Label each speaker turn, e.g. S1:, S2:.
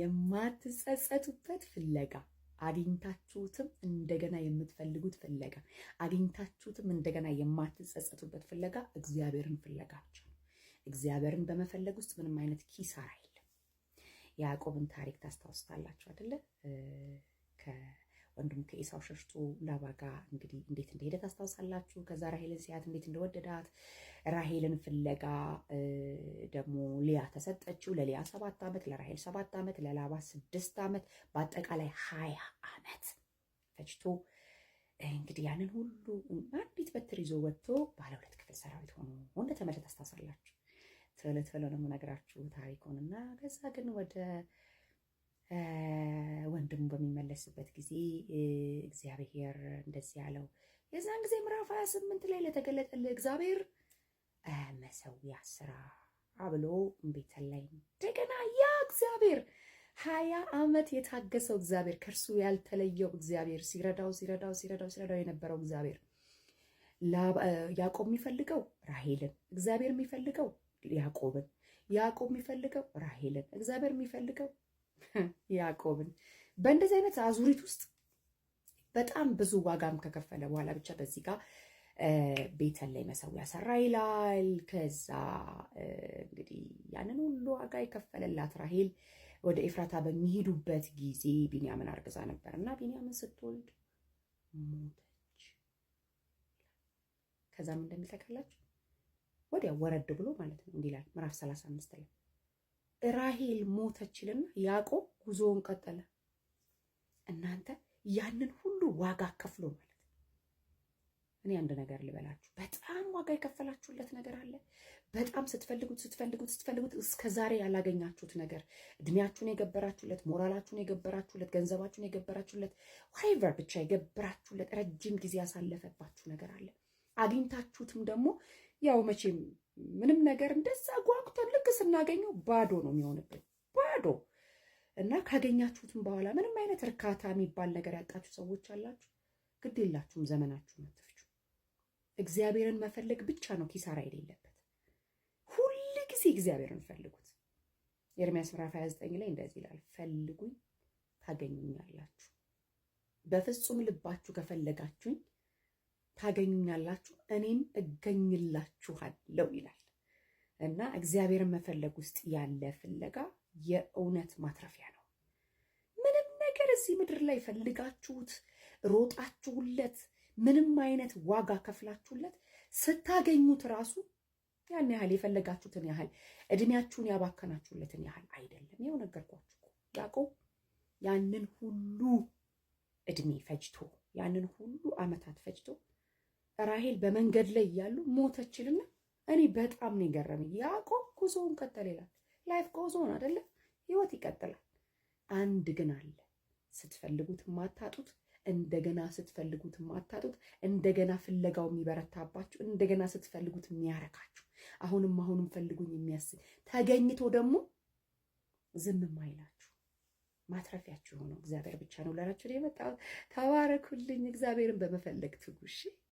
S1: የማትጸጸቱበት ፍለጋ አግኝታችሁትም እንደገና የምትፈልጉት ፍለጋ አግኝታችሁትም እንደገና የማትጸጸቱበት ፍለጋ እግዚአብሔርን ፍለጋችሁ ነው። እግዚአብሔርን በመፈለግ ውስጥ ምንም አይነት ኪሳራ የለም። ያዕቆብን ታሪክ ታስታውስታላችሁ አይደለ? ወንድሙ ከኤሳው ሸሽቶ ላባ ጋ እንግዲህ እንዴት እንደሄደ ታስታውሳላችሁ። ከዛ ራሄልን ሲያት እንዴት እንደወደዳት ራሄልን ፍለጋ ደግሞ ሊያ ተሰጠችው። ለሊያ ሰባት ዓመት ለራሄል ሰባት ዓመት ለላባ ስድስት ዓመት በአጠቃላይ ሀያ ዓመት ፈጅቶ እንግዲህ ያንን ሁሉ አንዲት በትር ይዞ ወጥቶ ባለ ሁለት ክፍል ሰራዊት ሆኖ እንደተመለሰ ታስታውሳላችሁ። ትብለ ትብለ ነው የምነግራችሁ ታሪኩን እና ከዛ ግን ወደ ወንድሙ በሚመለስበት ጊዜ እግዚአብሔር እንደዚህ ያለው የዛን ጊዜ ምዕራፍ 28 ላይ ለተገለጠልህ እግዚአብሔር መሰዊያ ስራ ብሎ ቤተል ላይ እንደገና ያ እግዚአብሔር ሀያ ዓመት የታገሰው እግዚአብሔር ከእርሱ ያልተለየው እግዚአብሔር ሲረዳው ሲረዳው ሲረዳው ሲረዳው የነበረው እግዚአብሔር ያዕቆብ የሚፈልገው ራሄልን፣ እግዚአብሔር የሚፈልገው ያዕቆብን፣ ያዕቆብ የሚፈልገው ራሄልን፣ እግዚአብሔር የሚፈልገው ያዕቆብን በእንደዚህ አይነት አዙሪት ውስጥ በጣም ብዙ ዋጋም ከከፈለ በኋላ ብቻ በዚህ ጋር ቤተን ላይ መሰዊያ ሰራ ይላል። ከዛ እንግዲህ ያንን ሁሉ ዋጋ የከፈለላት ራሄል ወደ ኤፍራታ በሚሄዱበት ጊዜ ቢንያምን አርግዛ ነበር እና ቢንያምን ስትወልድ ሞተች። ከዛም እንደሚጠቃላችሁ ወዲያ ወረድ ብሎ ማለት ነው እንዲላል ምዕራፍ 35 ላይ ራሄል ሞተችልና ያዕቆብ ጉዞውን ቀጠለ። እናንተ ያንን ሁሉ ዋጋ ከፍሎ ማለት እኔ አንድ ነገር ልበላችሁ፣ በጣም ዋጋ የከፈላችሁለት ነገር አለ። በጣም ስትፈልጉት ስትፈልጉት ስትፈልጉት እስከ ዛሬ ያላገኛችሁት ነገር፣ እድሜያችሁን የገበራችሁለት፣ ሞራላችሁን የገበራችሁለት፣ ገንዘባችሁን የገበራችሁለት፣ ዋይቨር ብቻ የገበራችሁለት ረጅም ጊዜ ያሳለፈባችሁ ነገር አለ። አግኝታችሁትም ደግሞ ያው መቼም ምንም ነገር እንደዛ ጓጉተን ልክ ስናገኘው ባዶ ነው የሚሆንብን ባዶ እና ካገኛችሁትም በኋላ ምንም አይነት እርካታ የሚባል ነገር ያጣችሁ ሰዎች አላችሁ። ግድ የላችሁም፣ ዘመናችሁ አትፍጁ። እግዚአብሔርን መፈለግ ብቻ ነው ኪሳራ የሌለበት። ሁል ጊዜ እግዚአብሔርን ፈልጉት። ኤርሚያስ ምዕራፍ 29 ላይ እንደዚህ ይላል፣ ፈልጉኝ ታገኙኛላችሁ፣ በፍጹም ልባችሁ ከፈለጋችሁኝ ታገኙኛላችሁ፣ እኔም እገኝላችኋለሁ ይላል እና እግዚአብሔርን መፈለግ ውስጥ ያለ ፍለጋ የእውነት ማትረፊያ ነው። ምንም ነገር እዚህ ምድር ላይ ፈልጋችሁት ሮጣችሁለት ምንም አይነት ዋጋ ከፍላችሁለት ስታገኙት ራሱ ያን ያህል የፈለጋችሁትን ያህል እድሜያችሁን ያባከናችሁለትን ያህል አይደለም። ያው ነገርኳችሁ እኮ ያዕቆብ ያንን ሁሉ እድሜ ፈጅቶ ያንን ሁሉ ዓመታት ፈጅቶ ራሄል በመንገድ ላይ እያሉ ሞተችልና እኔ በጣም ነው የገረመኝ። ያዕቆብ ጉዞውን ቀጠል ይላል። ላይፍ ጎዝ አደለ፣ ህይወት ይቀጥላል። አንድ ግን አለ ስትፈልጉት ማታጡት እንደገና ስትፈልጉት ማታጡት እንደገና ፍለጋው የሚበረታባችሁ እንደገና ስትፈልጉት የሚያረካችሁ አሁንም አሁንም ፈልጉኝ የሚያስብ ተገኝቶ ደግሞ ዝም ማይላችሁ ማትረፊያችሁ የሆነው እግዚአብሔር ብቻ ነው። ላላችሁ የመጣ ተባረኩልኝ። እግዚአብሔርን በመፈለግ ትጉ እሺ።